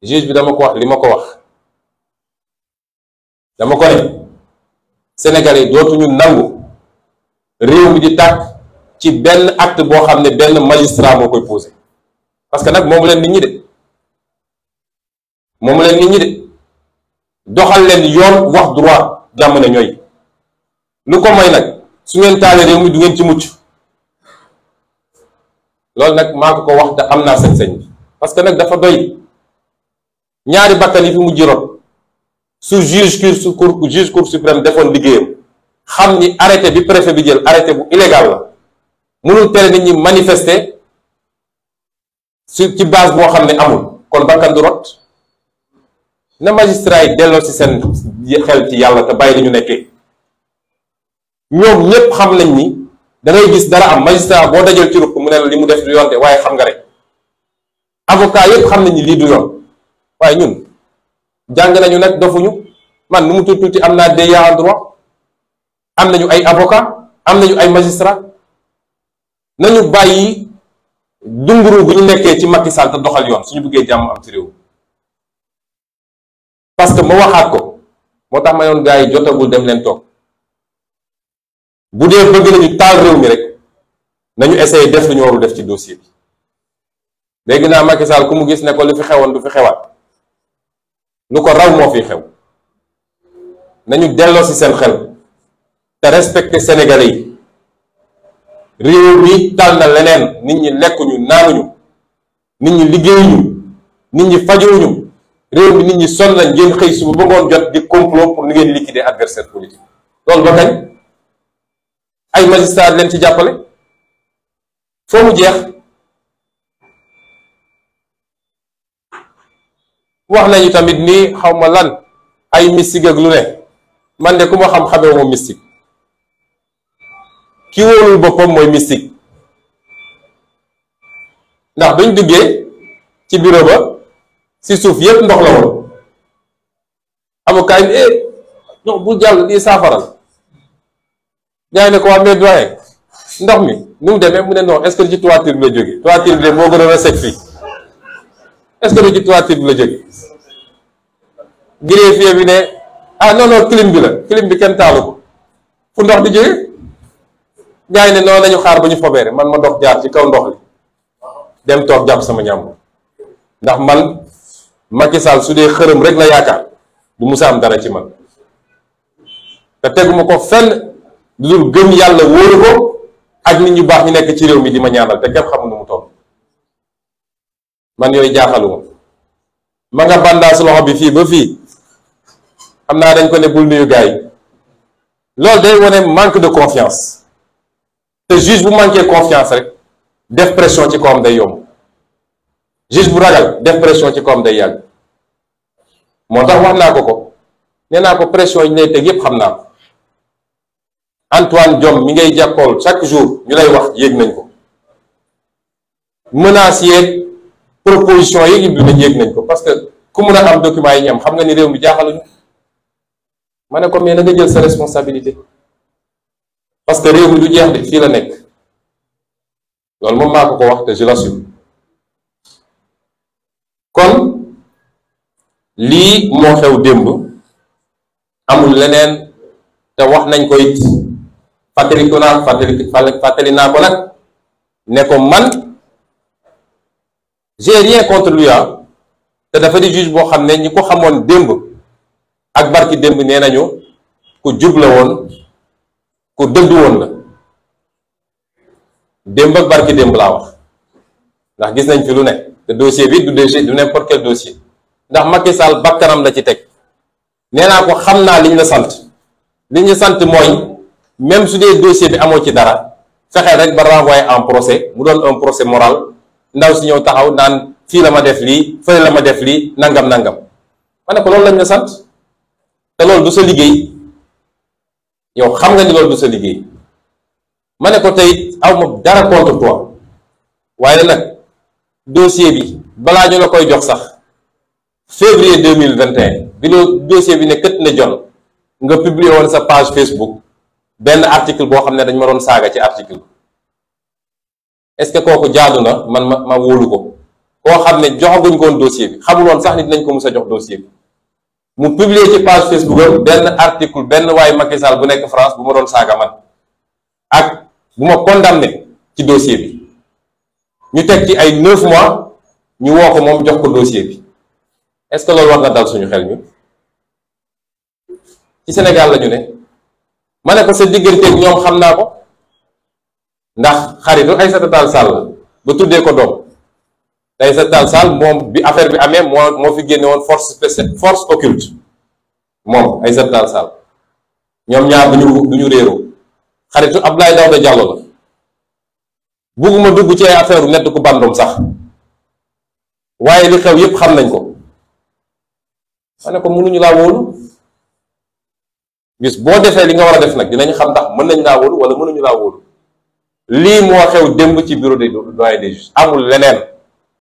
juge bi dama ko wax li ma ko wax dama ko ne Sénégalais dootuñu nangu réew mi di tàkk ci benn acte boo xam ne benn magistrat moo koy pose parce que nag moom leen nit ñi de moomu leen nit ñi de doxal leen yoon wax droit jàmm ne ñooy lu ko may nag su ngeen taalee réew mi du ngeen ci mucc loolu nag maa ko ko wax te am naa sañ-sañ bi parce nag dafa doy. ñaari bakkan yi fi mujj rot su juge cour juge cour defoon liggéeyam xam ni arrêté bi préfet bi jël arrêté bu illégal la mënul tere nit ñi manifester su ci baas boo xam ne amul kon bakkan du rot na magistrat yi delloo ci seen xel ci yàlla te bàyyi li ñu nekkee ñoom ñépp xam nañ ni da gis dara am magistrat boo dajal ci ruq mu ne la li mu def du yoon de waaye xam nga rek avocat yépp xam nañ ni lii du yoon waaye ñun jàng nañu nag dofuñu man nu mu tuuti tuuti am na DEA en droit am nañu ay avocat am nañu ay magistrat nañu bàyyi dunguru bu ñu nekkee ci Macky Sall te doxal yoon suñu buggee jàmm am ci réew parce que ma waxaat ko moo tax mayoon yoon gars yi jotagul dem leen toog bu dee bëgg nañu taal réew mi rek nañu essayer def lu ñu warul def ci dossier bi léegi naa Macky Sall ku mu gis ne ko lu fi xewoon du fi xewaat lu ko raw moo fi xew nañu delloo ci seen xel te respecter sénégalais yi réew mi tal na leneen nit ñi lekkuñu naanuñu nit ñi liggéeyuñu nit ñi fajuñu réew mi nit ñi sonn nañ ngeen xëy suba ba ngoon jot di complot pour ni ngeen liquider adversaire politique loolu ba kañ ay magistrat leen ci jàppale foo mu jeex wax nañu tamit ni xaw ma lan ay mystique ak lu ne man de ku ma xam xamee moom mystique ki wóolul boppam mooy mystique ndax bañ duggee ci bureau ba si suuf yépp ndox la woon avocat yi eh non bu jàll lii saafaral gaa ne ko waa mais doyen ndox mi nu mu demee mu ne non est-ce que ci toiture bi la jógee toiture bi de moo gën a sec fii est-ce que du ci trois types la jóge greffier bi ne ah non non clim bi la clim bi kenn taalu ko fu ndox di jóge gars yi ne noonu nañu xaar ba ñu fobeere man ma dox jaar ci kaw ndox li dem toog jàpp sama ñàmbur ndax man Macky Sall su dee xërëm rek la yaakaar du musa am dara ci man te teguma ko fenn lu gën yàlla wóoru ko ak nit ñu baax ñu nekk ci réew mi di ma ñaanal te kenn xamul nu mu toll man yooyu jaaxaluma ma nga bandaas loxo bi fii ba fii xam naa dañ ko ne bul nuyu gars loolu day wane manque de confiance te juge bu manqué confiance rek def pression ci kawam day yomb juge bu ragal def pression ci kawam day yàgg moo tax wax naa ko ko nee naa ko pression yi ñu lay teg yépp xam naa ko Antoine Diome mi ngay jàppool chaque jour ñu lay wax yéeg nañ ko menace proposition yi indi nañ yéeg nañ ko parce que ku mun a xam document yi ñu am xam nga ni réew mi jaaxaluñu ma ne ko mais na nga jël sa responsabilité parce que réew mi du jeex de fii la nekk loolu moom maa ko ko wax te je kon lii moo xew démb amul leneen te wax nañ ko it ko naa fàttali fàttali naa ko nag ne ko man. j'ai rien contre lui te dafa di juge boo xam ne ñi ko xamoon démb ak barki démb nee nañu ku jub la woon ku dëddu woon la démb ak barki démb laa wax ndax gis nañ fi lu ne te dossier bi du dossier du n'importe quel dossier ndax Macky Sall bakkanam la ci teg nee naa ko xam naa liñ la sant liñ la sant mooy même su dee dossier bi amoo ci dara fexeel rek ba renvoyer en procès mu doon un procès moral ndaw si ñëw taxaw naan fii la ma def lii fële la ma def lii nangam nangam ma ne ko loolu lañ la sant te loolu du sa liggéey yow xam nga ni loolu du sa liggéey ma ne ko tey aw ma dara contre toi waaye nag dossier bi balaa ñu la koy jox sax février 2021 bi loo dossier bi ne kët na jon nga publier woon sa page Facebook benn article boo xam ne dañ ma doon saaga ci article est-ce que kooku jaadu na man ma ma wóolu ko koo xam ne joxaguñ koon dossier bi xamuloon sax ni dinañ ko mus a jox dossier bi mu publier ci page Facebook am benn article benn waaye Macky bu nekk France bu ma doon saaga man ak bu ma condamné ci dossier bi ñu teg ci ay neuf mois ñu woo ko moom jox ko dossier bi est-ce loolu war na dal suñu xel ñu ci Sénégal la ñu ne ma ne ko sa digganteeg ñoom xam naa ko. ndax xaritu Aïssata Tall Sall ba tuddee ko doom te Aïssata Tall moom bi affaire bi amee moo moo fi génne woon force spéciale force occulte moom ay Tall Sall ñoom ñaar duñu duñu réeroo xaritu Abdoulaye Daouda Diallo la bugguma dugg ci ay affaire u nett ku bandum sax waaye li xew yépp xam nañ ko ma ne ko mënuñu laa wóolu bis boo defee li nga war a def nag dinañ xam ndax mën nañ laa wóolu wala mënuñu laa wóolu lii moo xew démb ci bureau des doyens des juges amul leneen